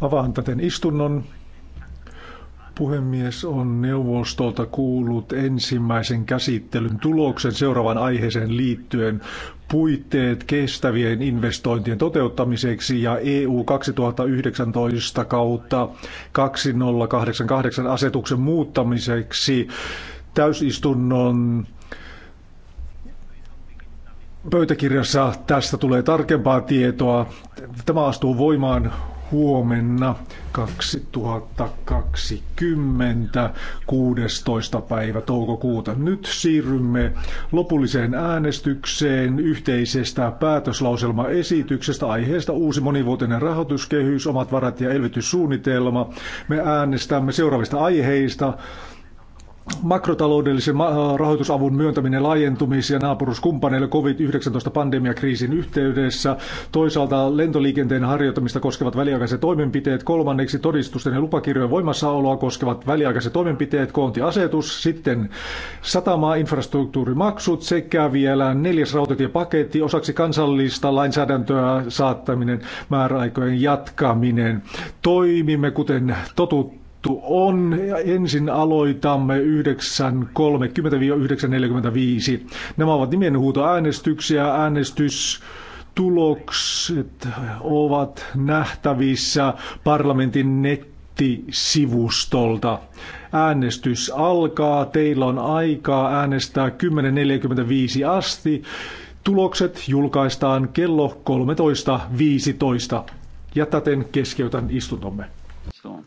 Avaan täten istunnon. Puhemies on neuvostolta kuullut ensimmäisen käsittelyn tuloksen seuraavan aiheeseen liittyen puitteet kestävien investointien toteuttamiseksi ja EU 2019 kautta 2088 asetuksen muuttamiseksi täysistunnon Pöytäkirjassa tästä tulee tarkempaa tietoa. Tämä astuu voimaan huomenna 2020 16. päivä toukokuuta. Nyt siirrymme lopulliseen äänestykseen yhteisestä päätöslauselmaesityksestä aiheesta uusi monivuotinen rahoituskehys, omat varat ja elvytyssuunnitelma. Me äänestämme seuraavista aiheista makrotaloudellisen äh, rahoitusavun myöntäminen laajentumisia naapuruskumppaneille COVID-19-pandemiakriisin yhteydessä, toisaalta lentoliikenteen harjoittamista koskevat väliaikaiset toimenpiteet, kolmanneksi todistusten ja lupakirjojen voimassaoloa koskevat väliaikaiset toimenpiteet, koontiasetus, sitten satamainfrastruktuurimaksut sekä vielä neljäs rautatiepaketti osaksi kansallista lainsäädäntöä saattaminen määräaikojen jatkaminen. Toimimme kuten totuttu juttu on. Ja ensin aloitamme 9.30-9.45. Nämä ovat nimenhuutoäänestyksiä. Äänestys tulokset ovat nähtävissä parlamentin nettisivustolta. Äänestys alkaa, teillä on aikaa äänestää 10.45 asti. Tulokset julkaistaan kello 13.15. Ja täten keskeytän istuntomme. So.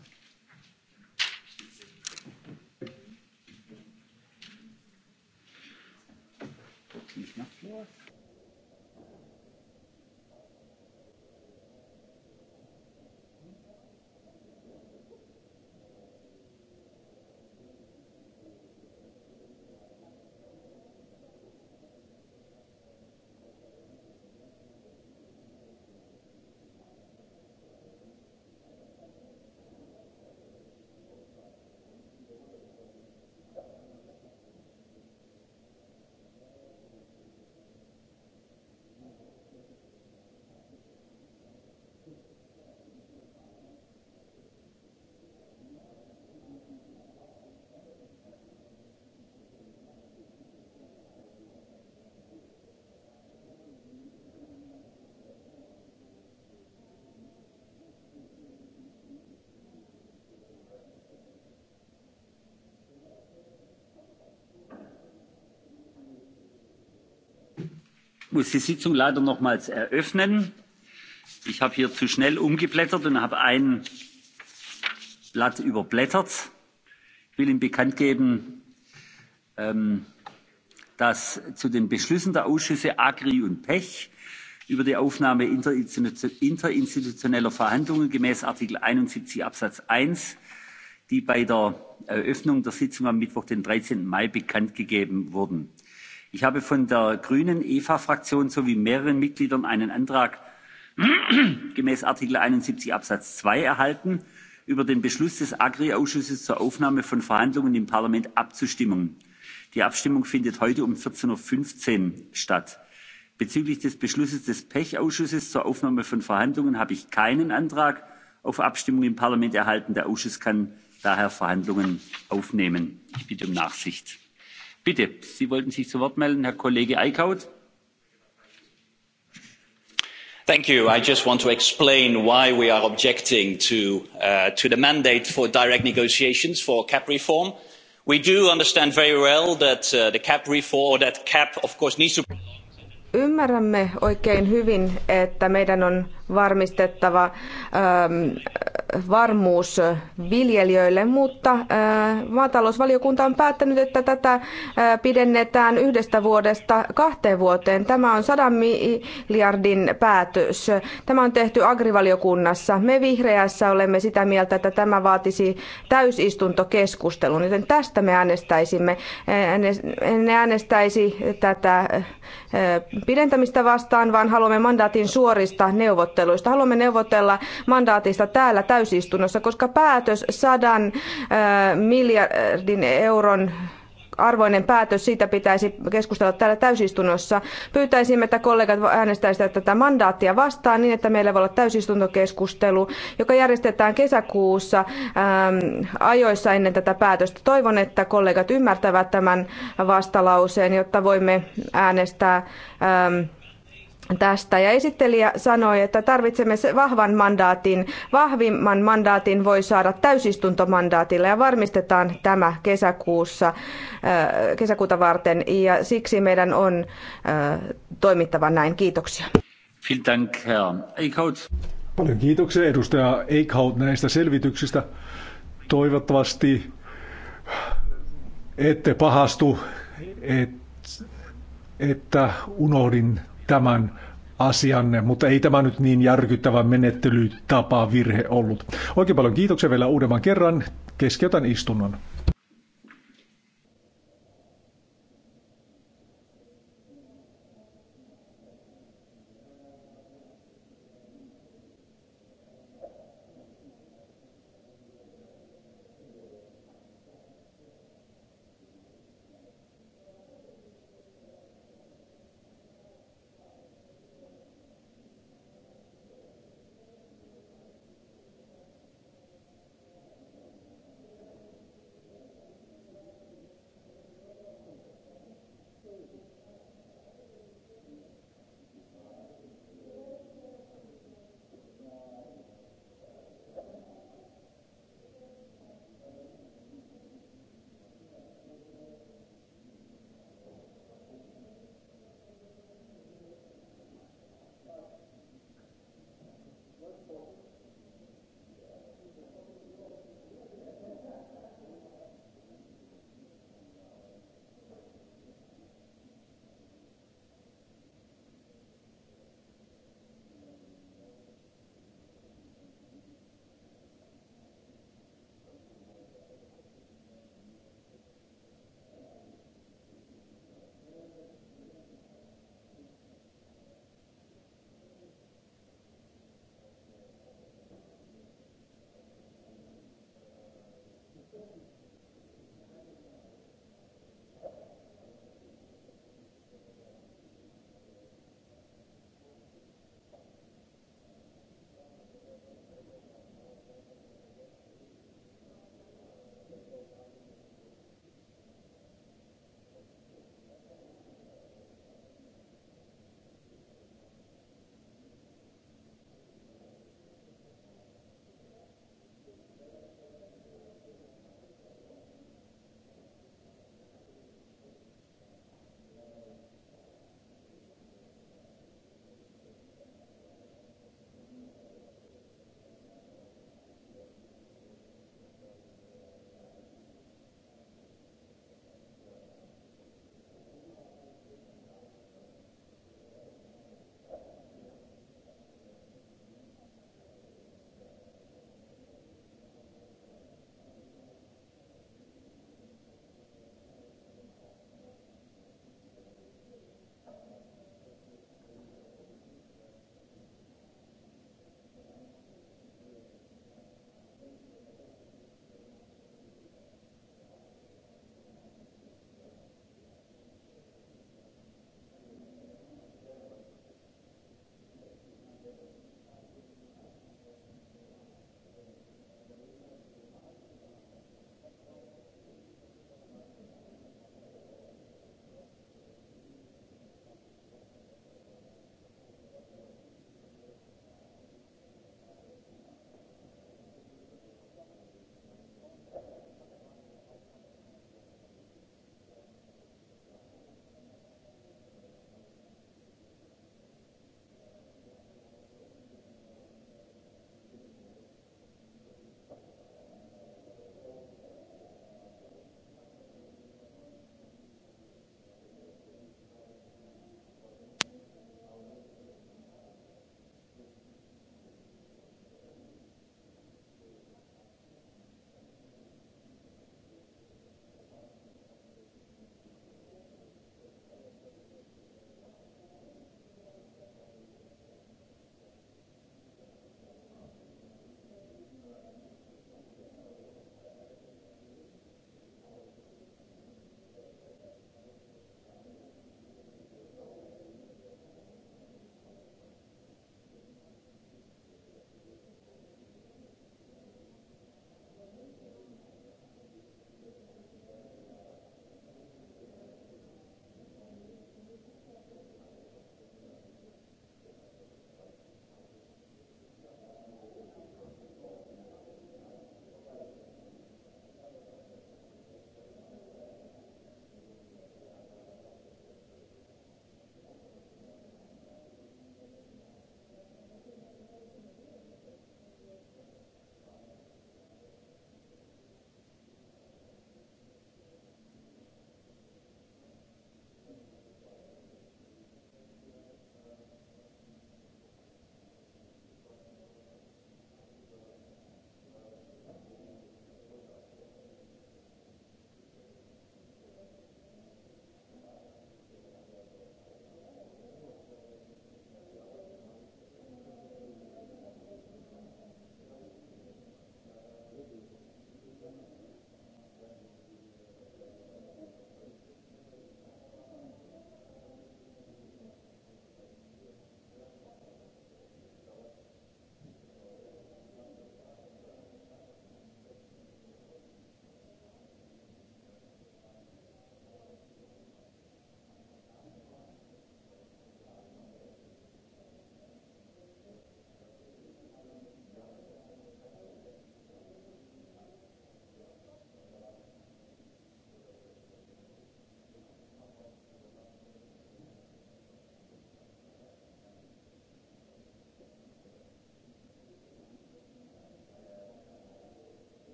muss die sitzung leider nochmals eröffnen. ich habe hier zu schnell umgeblättert und habe ein blatt überblättert. ich will ihnen bekannt geben ähm, dass zu den beschlüssen der ausschüsse agri und pech über die aufnahme interinstitutioneller verhandlungen gemäß artikel einundsiebzig absatz eins die bei der eröffnung der sitzung am mittwoch den. dreizehn mai bekanntgegeben wurden ich habe von der grünen eva fraktion sowie mehreren mitgliedern einen antrag gemäß artikel einundsiebzig absatz zwei erhalten über den beschluss des agri ausschusses zur aufnahme von verhandlungen im parlament abzustimmen. die abstimmung findet heute um. vierzehn fünfzehn uhr statt. bezüglich des beschlusses des pech ausschusses zur aufnahme von verhandlungen habe ich keinen antrag auf abstimmung im parlament erhalten. der ausschuss kann daher verhandlungen aufnehmen. ich bitte um nachsicht bitte sie wollten sich zu wort melden herr kollege eickhout. i just want to explain why we are objecting uh, to the mandate for direct negotiations for cap reform. we do understand very well that uh, the cap reform or that cap of course needs to. ymmärrämme oikein hyvin että meidän on varmistettava ähm, varmuus viljelijöille, mutta äh, maatalousvaliokunta on päättänyt, että tätä äh, pidennetään yhdestä vuodesta kahteen vuoteen. Tämä on sadan miljardin päätös. Tämä on tehty agrivaliokunnassa. Me vihreässä olemme sitä mieltä, että tämä vaatisi täysistuntokeskustelun, joten tästä me äänestäisimme. Ne äänestäisi tätä äh, pidentämistä vastaan, vaan haluamme mandaatin suorista neuvotteluista. Haluamme neuvotella mandaatista täällä täysin täysistunnossa, koska päätös sadan miljardin euron arvoinen päätös, siitä pitäisi keskustella täällä täysistunnossa. Pyytäisimme, että kollegat äänestäisivät tätä mandaattia vastaan niin, että meillä voi olla täysistuntokeskustelu, joka järjestetään kesäkuussa äm, ajoissa ennen tätä päätöstä. Toivon, että kollegat ymmärtävät tämän vastalauseen, jotta voimme äänestää äm, tästä. Ja esittelijä sanoi, että tarvitsemme vahvan mandaatin. Vahvimman mandaatin voi saada täysistuntomandaatilla ja varmistetaan tämä kesäkuussa, äh, kesäkuuta varten. Ja siksi meidän on äh, toimittava näin. Kiitoksia. Paljon kiitoksia edustaja Eichhout näistä selvityksistä. Toivottavasti ette pahastu, et, että unohdin tämän asianne, mutta ei tämä nyt niin järkyttävä menettelytapa virhe ollut. Oikein paljon kiitoksia vielä uudemman kerran. Keskeytän istunnon.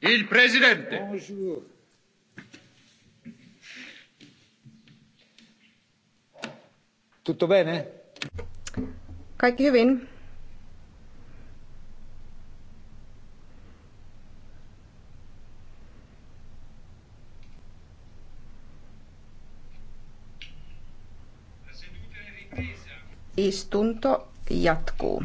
Il presidente. Bonjour. Tutto bene? Kaikki hyvin. Istunto jatkuu.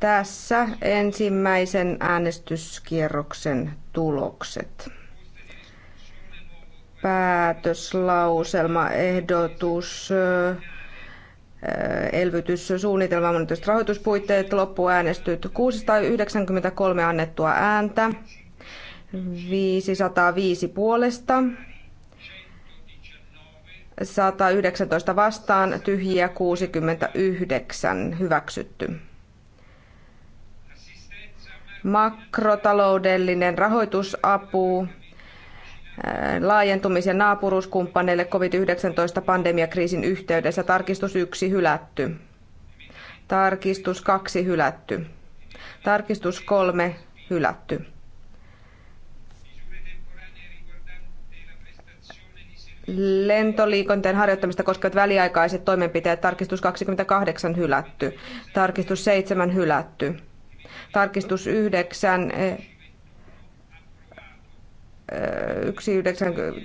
Tässä ensimmäisen äänestyskierroksen tulokset. Päätöslauselma, ehdotus, elvytyssuunnitelma, monitorista rahoituspuitteet, loppuäänestyt 693 annettua ääntä, 505 puolesta, 119 vastaan, tyhjiä 69, hyväksytty makrotaloudellinen rahoitusapu äh, laajentumis- ja naapuruuskumppaneille COVID-19-pandemiakriisin yhteydessä. Tarkistus 1 hylätty. Tarkistus 2 hylätty. Tarkistus 3 hylätty. Lentoliikonteen harjoittamista koskevat väliaikaiset toimenpiteet. Tarkistus 28 hylätty. Tarkistus 7 hylätty tarkistus 9 1,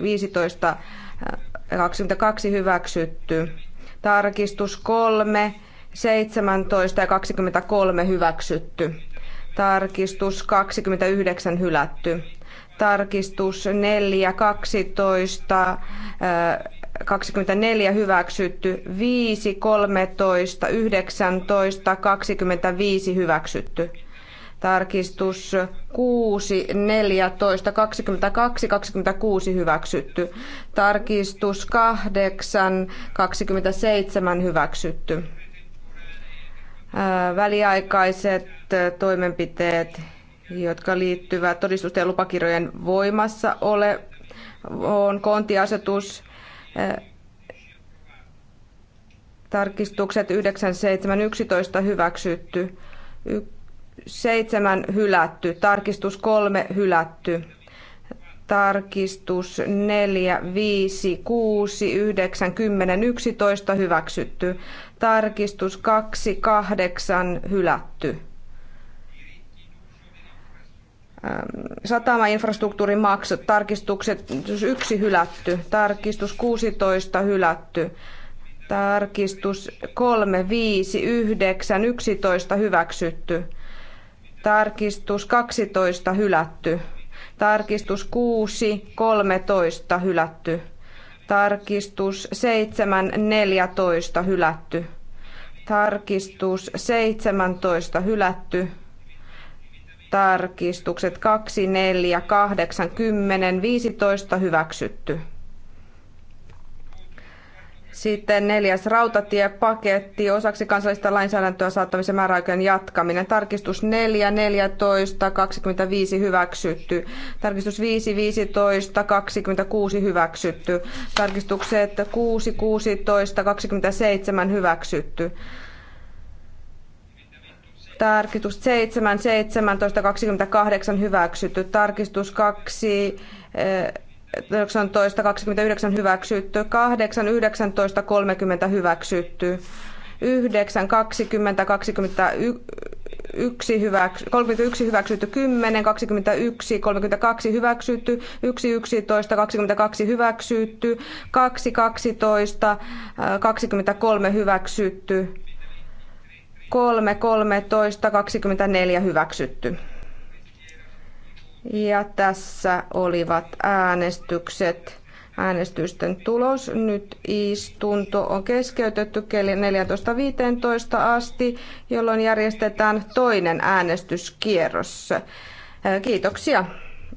9, 15, 22 hyväksytty. Tarkistus 3, 17 ja 23 hyväksytty. Tarkistus 29 hylätty. Tarkistus 4, 12, 24 hyväksytty, 5, 13, 19, 25 hyväksytty. Tarkistus 6, 14, 22, 26 hyväksytty. Tarkistus 8, 27 hyväksytty. Väliaikaiset toimenpiteet, jotka liittyvät todistusten ja lupakirjojen voimassa ole, on kontiasetus tarkistukset 9.7.11 hyväksytty. Y- seitsemän hylätty, tarkistus kolme hylätty, tarkistus 4, 5, 6, 9, 10, 11 hyväksytty, tarkistus 2, 8 hylätty. Ähm, satamainfrastruktuurin maksut, tarkistukset 1 hylätty, tarkistus 16 hylätty, tarkistus 3, 5, 9, 11 hyväksytty, Tarkistus 12 hylätty. Tarkistus 6, 13 hylätty. Tarkistus 7, 14 hylätty. Tarkistus 17 hylätty. Tarkistukset 2, 4, 8, 10, 15 hyväksytty. Sitten neljäs rautatiepaketti osaksi kansallista lainsäädäntöä saattamisen määräaikojen jatkaminen. Tarkistus 4, 14, 25 hyväksytty. Tarkistus 5, 15, 26 hyväksytty. Tarkistukset 6, 16, 27 hyväksytty. Tarkistus 7, 17, 28 hyväksytty. Tarkistus 2, 19, 29 hyväksytty, 8, 19, 30 hyväksytty, 9, 20, 21 hyväksy, 31 hyväksytty 10, 21, 32 hyväksytty, 1, 11, 22 hyväksytty, 2, 12, 23 hyväksytty, 3, 13, 24 hyväksytty. Ja tässä olivat äänestykset. Äänestysten tulos. Nyt istunto on keskeytetty kello 14.15 asti, jolloin järjestetään toinen äänestyskierros. Kiitoksia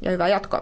ja hyvää jatkoa.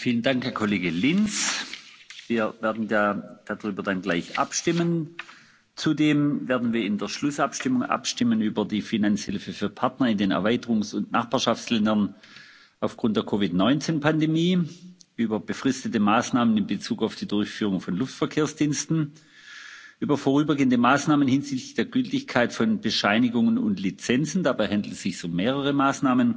Vielen Dank, Herr Kollege Linz. Wir werden da, darüber dann gleich abstimmen. Zudem werden wir in der Schlussabstimmung abstimmen über die Finanzhilfe für Partner in den Erweiterungs- und Nachbarschaftsländern aufgrund der Covid-19-Pandemie, über befristete Maßnahmen in Bezug auf die Durchführung von Luftverkehrsdiensten, über vorübergehende Maßnahmen hinsichtlich der Gültigkeit von Bescheinigungen und Lizenzen. Dabei handelt es sich um mehrere Maßnahmen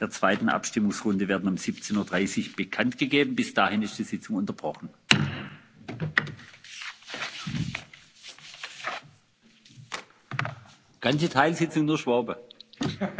der zweiten abstimmungsrunde werden um. siebzehn dreißig uhr bekanntgegeben. bis dahin ist die sitzung unterbrochen. ganze teilsitzung nur schwabe.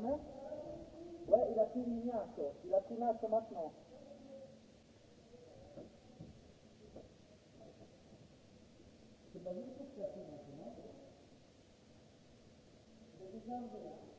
Carmen Ouais, il a plus de lumière encore. Il a plus là maintenant. C'est pas lui qui maintenant. C'est là.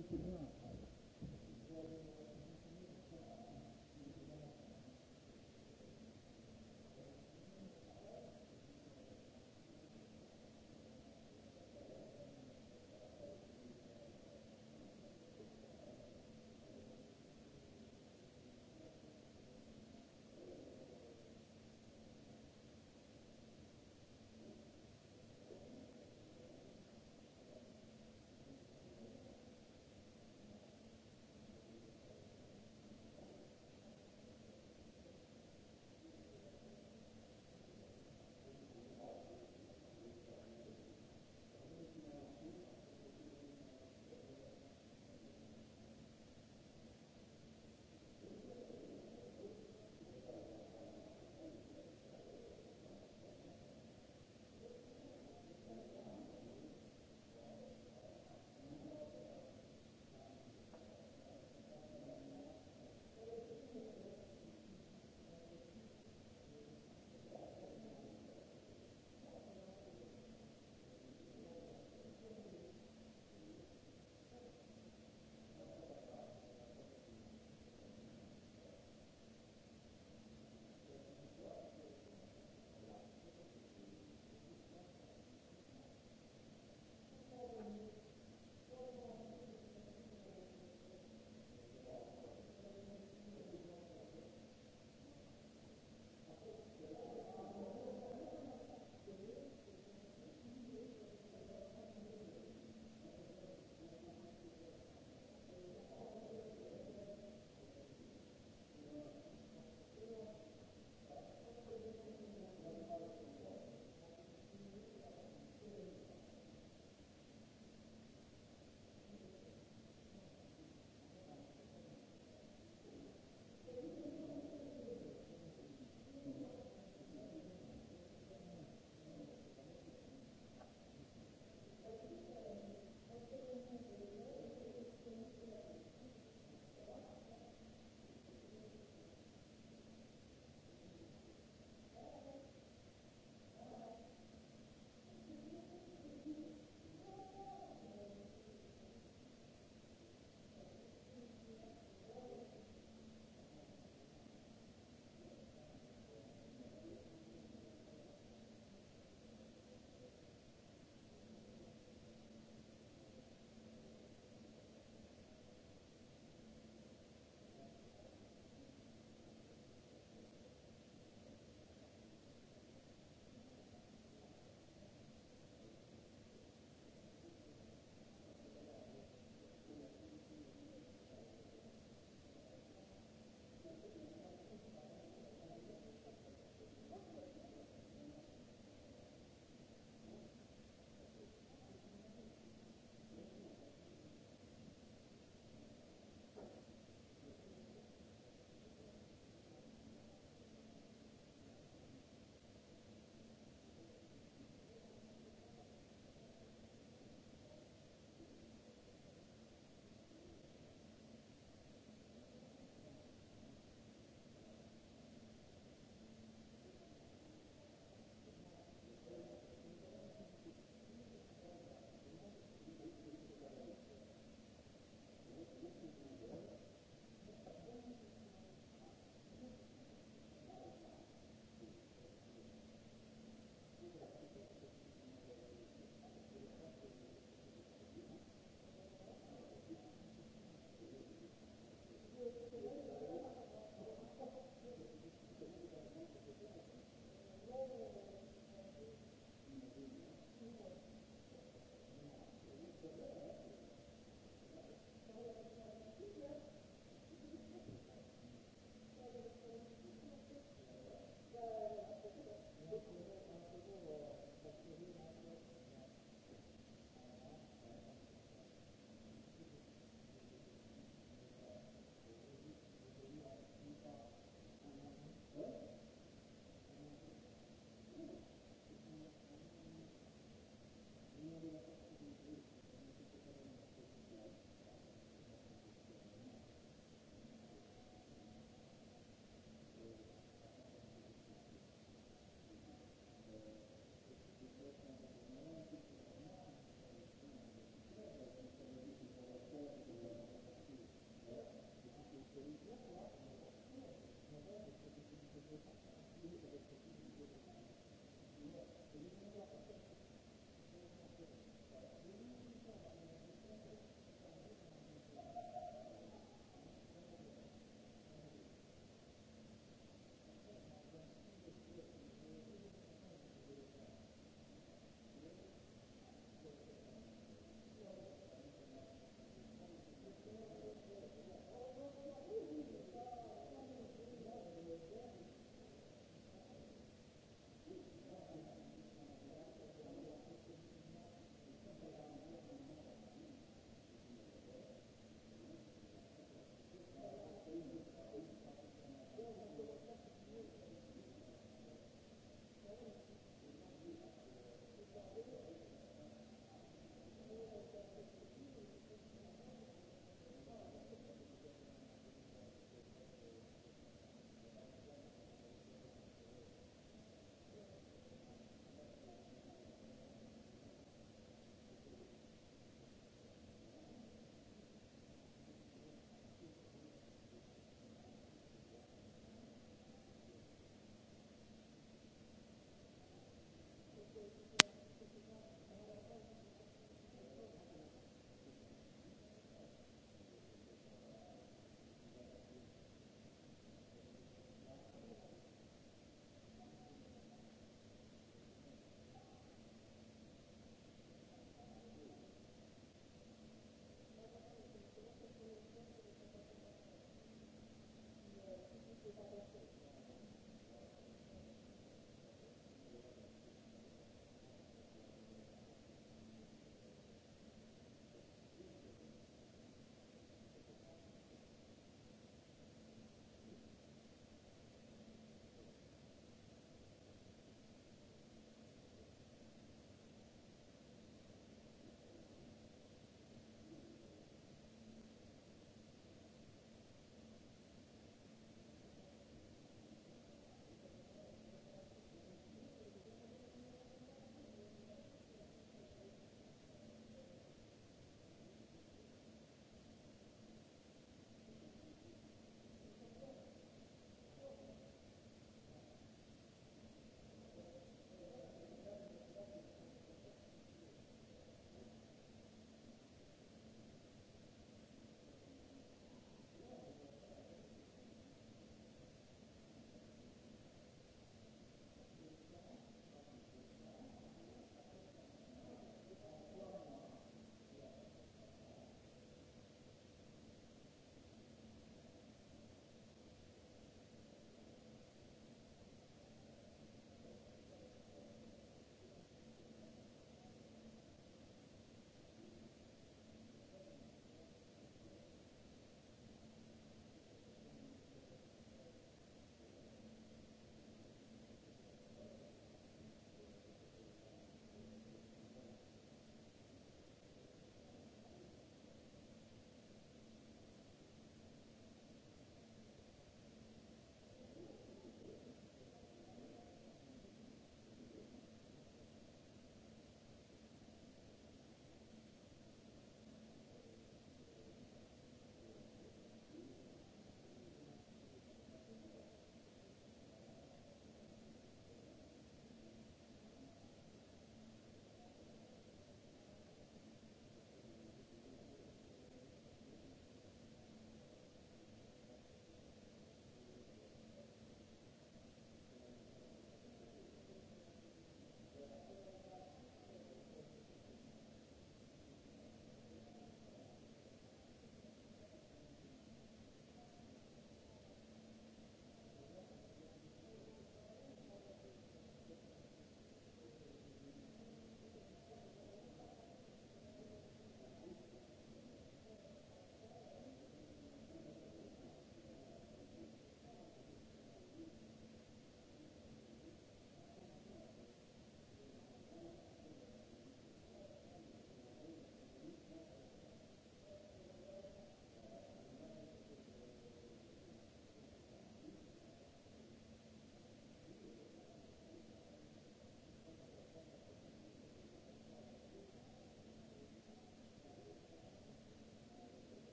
๑๕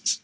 exists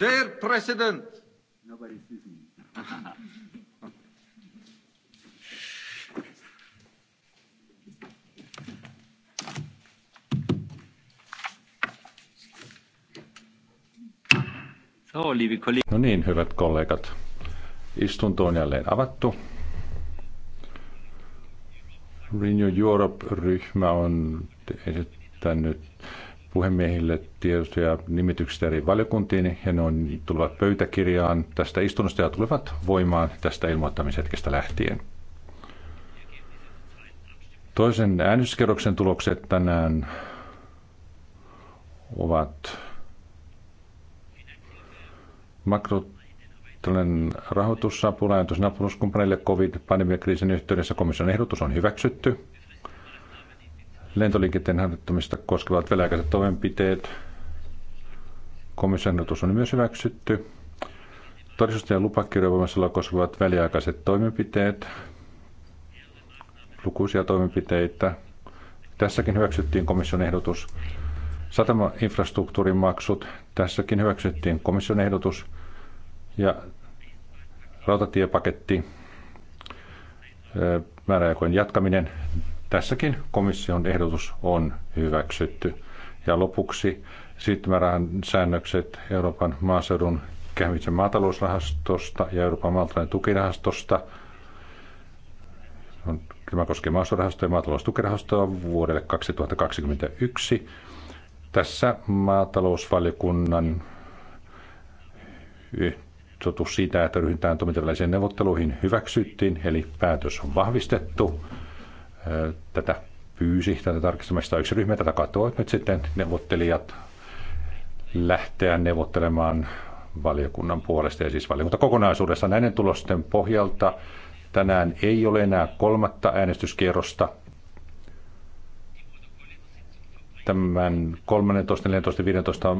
Der Präsident. Nobody sees me. No niin, hyvät kollegat. Istunto on jälleen avattu. Renew Europe-ryhmä on esittänyt puhemiehille tietoja nimityksistä eri valiokuntiin ja ne on, tulevat pöytäkirjaan tästä istunnosta ja tulevat voimaan tästä ilmoittamishetkestä lähtien. Toisen äänestyskerroksen tulokset tänään ovat makrotalouden rahoitusapu, lainoitusnapuluskumppaneille covid-pandemiakriisin yhteydessä komission ehdotus on hyväksytty lentoliikenteen harjoittamista koskevat väliaikaiset toimenpiteet. Komission on myös hyväksytty. Todistusten ja lupakirjojen voimassaoloa koskevat väliaikaiset toimenpiteet. Lukuisia toimenpiteitä. Tässäkin hyväksyttiin komission ehdotus. Satamainfrastruktuurin maksut. Tässäkin hyväksyttiin komission ehdotus. Ja rautatiepaketti määräaikojen jatkaminen. Tässäkin komission ehdotus on hyväksytty. Ja lopuksi siirtymärahan säännökset Euroopan maaseudun kehittämisen maatalousrahastosta ja Euroopan maatalouden tukirahastosta. Tämä koskee maatalousrahastoa ja maataloustukirahastoa vuodelle 2021. Tässä maatalousvaliokunnan totuus siitä, että ryhdytään toimintavälisiin neuvotteluihin hyväksyttiin, eli päätös on vahvistettu tätä pyysi, tätä tarkistamista yksi ryhmä, tätä katoi nyt sitten neuvottelijat lähteä neuvottelemaan valiokunnan puolesta ja siis valiokunta kokonaisuudessa näiden tulosten pohjalta. Tänään ei ole enää kolmatta äänestyskierrosta. Tämän 13, 14, 15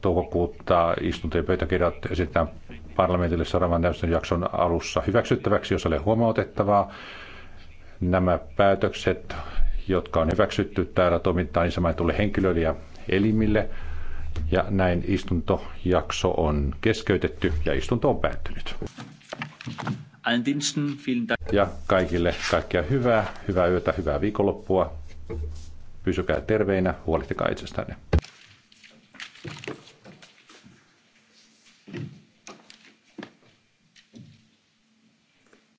toukokuutta istunto- ja pöytäkirjat esitetään parlamentille seuraavan jakson alussa hyväksyttäväksi, jos ei ole huomautettavaa nämä päätökset, jotka on hyväksytty täällä toimintaan niin henkilöille ja elimille. Ja näin istuntojakso on keskeytetty ja istunto on päättynyt. Ja kaikille kaikkea hyvää, hyvää yötä, hyvää viikonloppua. Pysykää terveinä, huolehtikaa itsestänne.